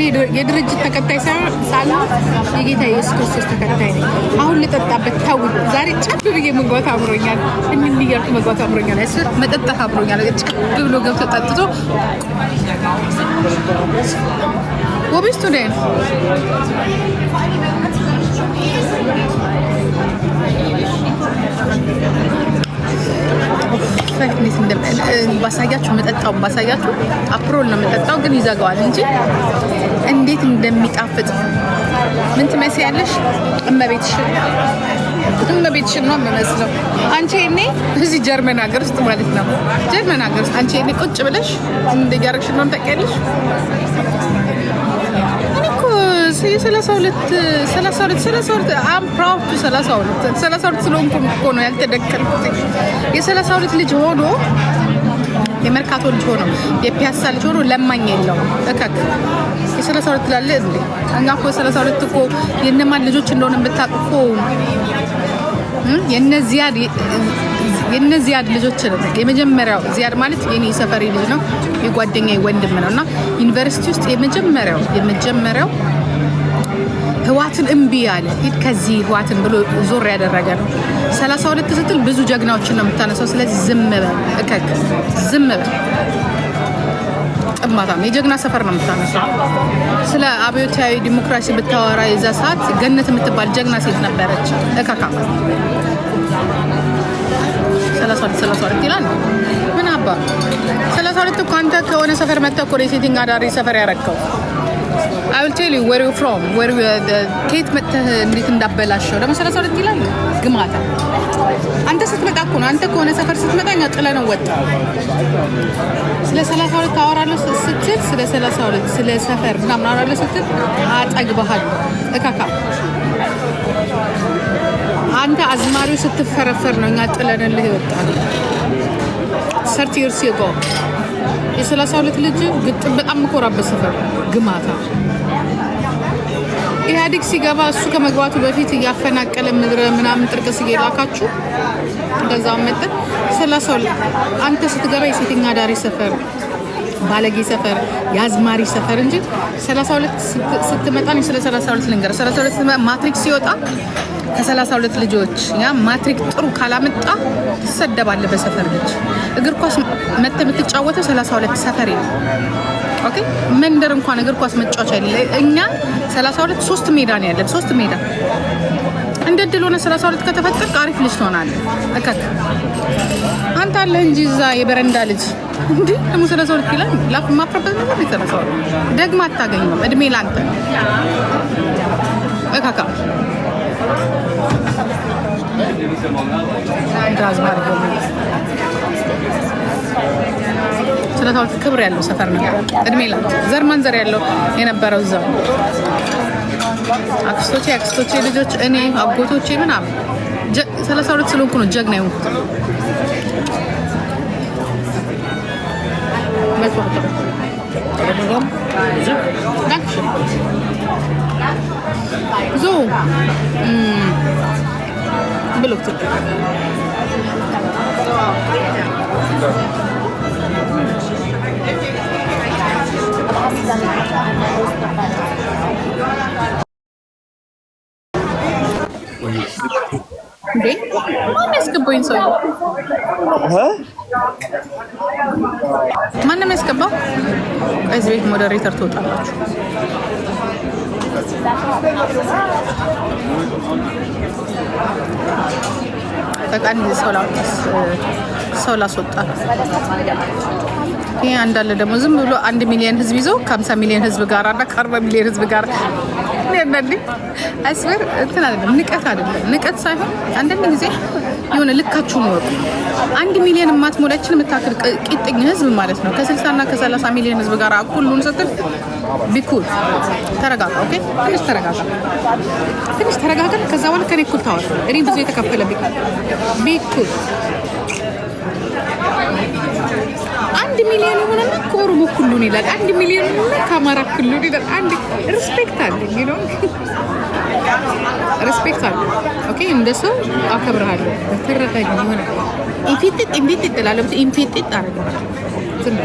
እኔ የድርጅት ተከታይ ሳይሆን ሳልሆን የጌታ ኢየሱስ ክርስቶስ ተከታይ ነኝ። አሁን ልጠጣበት ታው ዛሬ ጨብ ብዬ መግባት አምሮኛል። እንዲያርኩ መግባት አምሮኛል። ስ መጠጣት አምሮኛል። ጨብ ብሎ ገብቶ ጠጥቶ ወቢስቱ ደን ባሳያችሁ መጠጣው ባሳያችሁ አፕሮል ነው መጠጣው፣ ግን ይዘጋዋል እንጂ እንዴት እንደሚጣፍጥ ምን ትመስያለሽ? እመቤትሽን እመቤትሽን ነው የምመስለው። አንቺ እኔ እዚህ ጀርመን ሀገር ውስጥ ማለት ነው ጀርመን ሀገር ውስጥ አንቺ እኔ ቁጭ ብለሽ እንደያረግሽ ነው ታውቂያለሽ። እኔ እኮ ሰላሳ ሁለት አም ፕራውድ ቱ ሰላሳ ሁለት ሰላሳ ሁለት ስለሆንኩ እኮ ነው ያልተደከልኩት የሰላሳ ሁለት ልጅ ሆኖ የመርካቶ ልጅ ሆኖ የፒያሳ ልጅ ሆኖ ለማኝ የለውም። እከክ የሰላሳ ሁለት ትላለህ እንዴ? እኛ እኮ የሰላሳ ሁለት እኮ የእነማን ልጆች እንደሆነ የምታውቅ እኮ የእነ ዚያድ ልጆች ነው። የመጀመሪያው ዚያድ ማለት የኔ ሰፈሪ ልጅ ነው፣ የጓደኛ ወንድም ነው እና ዩኒቨርሲቲ ውስጥ የመጀመሪያው የመጀመሪያው ህዋትን እምቢ ያለ ሂድ ከዚህ ህዋትን ብሎ ዞር ያደረገ ነው። ሰላሳ ሁለት ስትል ብዙ ጀግናዎችን ነው የምታነሳው። ስለዚህ ዝም በል እከክ፣ ዝም በል ጥማታም፣ የጀግና ሰፈር ነው የምታነሳው። ስለ አብዮታዊ ዲሞክራሲ ብታወራ የዛ ሰዓት ገነት የምትባል ጀግና ሴት ነበረች። እከካ ሰላሳ ይላል። ምን አባ ሰላሳ ሁለት እኮ አንተ ከሆነ ሰፈር መጥተህ እኮ የሴቲንግ አዳሪ ሰፈር ያረከው አብልቼ ወር ፍሮም ወር ከየት መጥተህ እንዴት እንዳበላሸው ደግሞ ሰላሳ ሁለት ይላል ግማታ። አንተ ስትመጣ እኮ ነው አንተ ከሆነ ሰፈር ስትመጣ እኛ ጥለን ወጣ። ስለ ሰላሳ ሁለት አወራለሁ ስትል ስለ ሰላሳ ሁለት ስለ ሰፈር ምናምን አወራለሁ ስትል አጠግባሃል እካካ አንተ አዝማሪው ስትፈረፈር ነው እኛ ጥለንልህ ይወጣል። ሰርት ይርስ ይቆ የሰላሳ ሁለት ልጅ ግጥም በጣም ምኮራበት ሰፈር ግማታ ኢህአዴግ ሲገባ እሱ ከመግባቱ በፊት እያፈናቀለ ምድረ ምናምን ጥርቅስ እየላካችሁ እንደዛው መጠን ሰላሳ አንተ ስትገባ የሴተኛ አዳሪ ሰፈር ባለጌ ሰፈር፣ የአዝማሪ ሰፈር እንጂ 32 ስትመጣ ነው። ስለ 32 ልንገር። 32 ማትሪክ ሲወጣ ከ32 ልጆች ያ ማትሪክ ጥሩ ካላመጣ ትሰደባለ። በሰፈር ልጅ እግር ኳስ መተ የምትጫወተው 32 ሰፈር ነው። ኦኬ መንደር እንኳን እግር ኳስ መጫወቻ የለ። እኛ 32 ሶስት ሜዳ ነው ያለን፣ ሶስት ሜዳ እንደ ድል ሆነ 32 ከተፈጠርክ አሪፍ ልጅ ትሆናለህ። እከክ አንተ አለህ እንጂ እዛ የበረንዳ ልጅ እንዲህ ደግሞ ስለ ሰው ልክ ይላል። ማፍረበት ነገር ስለ ሰው ደግማ አታገኝም። እድሜ ላንተ እካካ ስለ ሰው ክብር ያለው ሰፈር ነው። እድሜ ላንተ ዘር ማንዘር ያለው የነበረው እዛው አክስቶቼ አክስቶቼ ልጆች እኔ አጎቶቼ ምናምን ስለ ሰው ልክ ስለሆንኩ ነው ጀግና የሆንኩት። Bez portu. Tak? Zu. Mm. Belukty. እንዴ ማን ያስገባኝ ሰው ማንም ያስገባው እዚህ ቤት ሞዴሬተር ትወጣላችሁ። በቃ እንደዚህ ሰው ላስወጣ። ይህ አንዳለ ደግሞ ዝም ብሎ አንድ ሚሊዮን ህዝብ ይዞ ከሀምሳ ሚሊዮን ህዝብ ጋር እና ከአርባ ሚሊዮን ህዝብ ጋር ነው ያናደኝ። አይስበር እንትን አይደለም ንቀት አይደለም ንቀት ሳይሆን አንዳንድ ጊዜ የሆነ ልካችሁን ወቁ። አንድ ሚሊዮን የማትሞላችን የምታክል ቂጥኝ ህዝብ ማለት ነው ከስልሳ እና ከሰላሳ ሚሊዮን ህዝብ ጋር ሁሉን ስትል ቢኩል ተረጋጋ። ኦኬ ትንሽ ተረጋጋ፣ ትንሽ ተረጋጋ። ከዛ በኋላ ከኔ እኩል ታወር። እኔ ብዙ የተከፈለ ቢኩል ቢኩል አንድ ሚሊዮን የሆነና ከኦሮሞ ክልሉን ይላል። አንድ ሚሊዮን የሆነ ከአማራ ክልሉን ይላል። አንድ ሪስፔክት አለ ነው ሪስፔክት አለ። ኦኬ እንደ ሰው አከብርሃለሁ። በተረፈ የሆነ ኢንፊጥጥ ኢንፊጥጥ ላለ ኢንፊጥጥ አረገዋል ዝም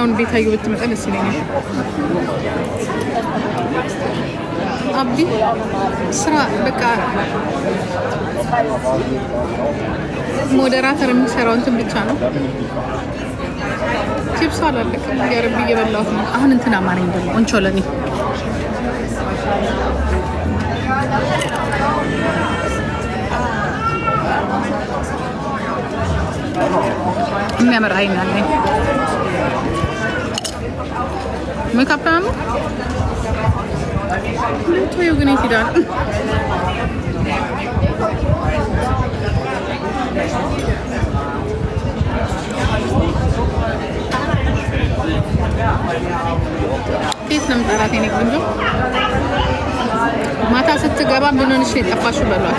አሁን ቤታዬ ብትመጣ ደስ ይለኛል። አቢ ስራ በቃ ሞዴራተር የሚሰራው እንትን ብቻ ነው። ቺፕስ አላለቅም ያረብ እየበላሁት ነው። አሁን እንትን አማረኝ ደግሞ እንቾለኒ የሚያምር አይን አለኝ። ሜካፕ ነው ሁለቱ ግን የት ሄዳል? ቤት ነው ቆንጆ። ማታ ስትገባ ምንንሽ የጠፋሽው በሏት።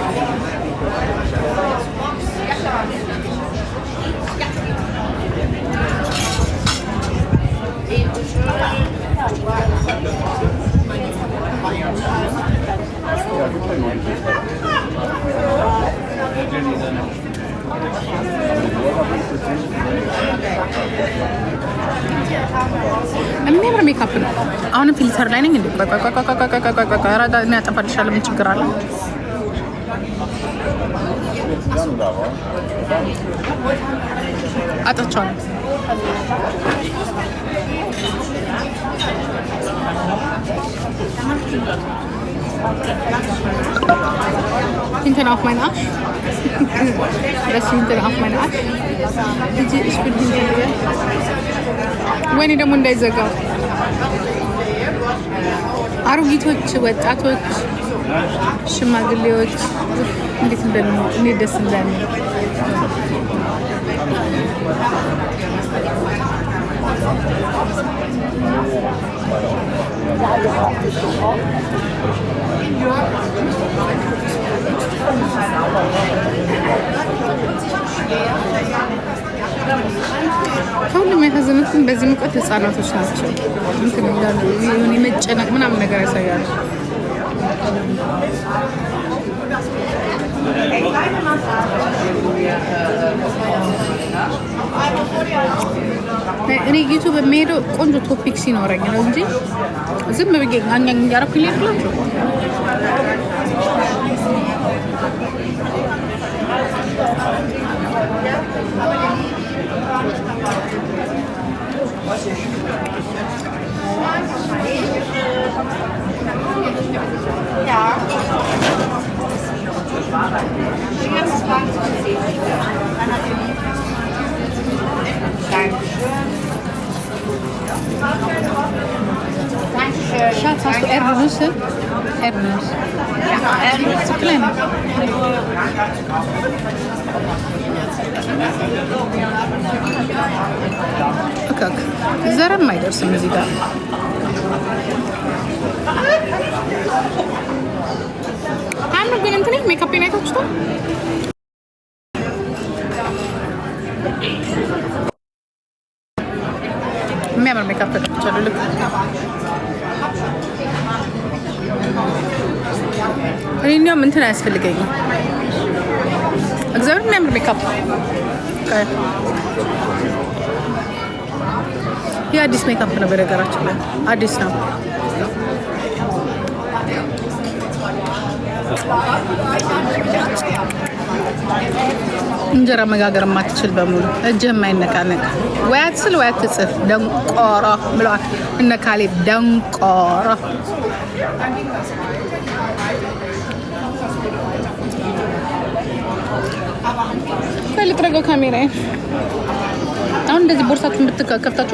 የሚያምር ሜካፕ ነው። አሁንም ፊልተር ላይ ነኝ እንዴ? እኔ አጠፋልሻለሁ። ምን ችግር አለ? አጥቻለሁ። Hintern auf meinen Arsch. das hintern auf meinen Arsch. ልጅ ich bin hinter dir. ወይኔ ደግሞ እንዳይዘጋው አሮጊቶች፣ ወጣቶች፣ ሽማግሌዎች እንዴት እንደሆነ እንዴት ደስ እንዳለ ከሁሉም ያሳዘኑት በዚህ ሙቀት ህጻናቶች ናቸው። እንትን ይላሉ ይሁን የመጨነቅ ምናምን ነገር ያሳያሉ። እኔ ዩቱብ የሚሄደው ቆንጆ ቶፒክ ሲኖረኝ ነው እንጂ ዝም ብዬ አኛኝ እንዲያረኩ ሊያክላቸው Thank Schatz, de du Erdnüsse? ja, Erdnuss te klein. Как? Зарамайдерсом зида. እንትን አያስፈልገኝም። እግዚአብሔር የሚያምር ሜካፕ ይህ አዲስ ሜካፕ ነው። በነገራችን ላይ አዲስ ነው። እንጀራ መጋገር የማትችል በሙሉ እጅህ የማይነቃነቅ ወይ አትስል ወይ አትጽፍ። ደንቆሮ ብለዋል እነ ካሌብ ደንቆሮ ፈልጥ ረገው ካሜራ አሁን እንደዚህ ቦርሳችሁ ብትከፍታችሁ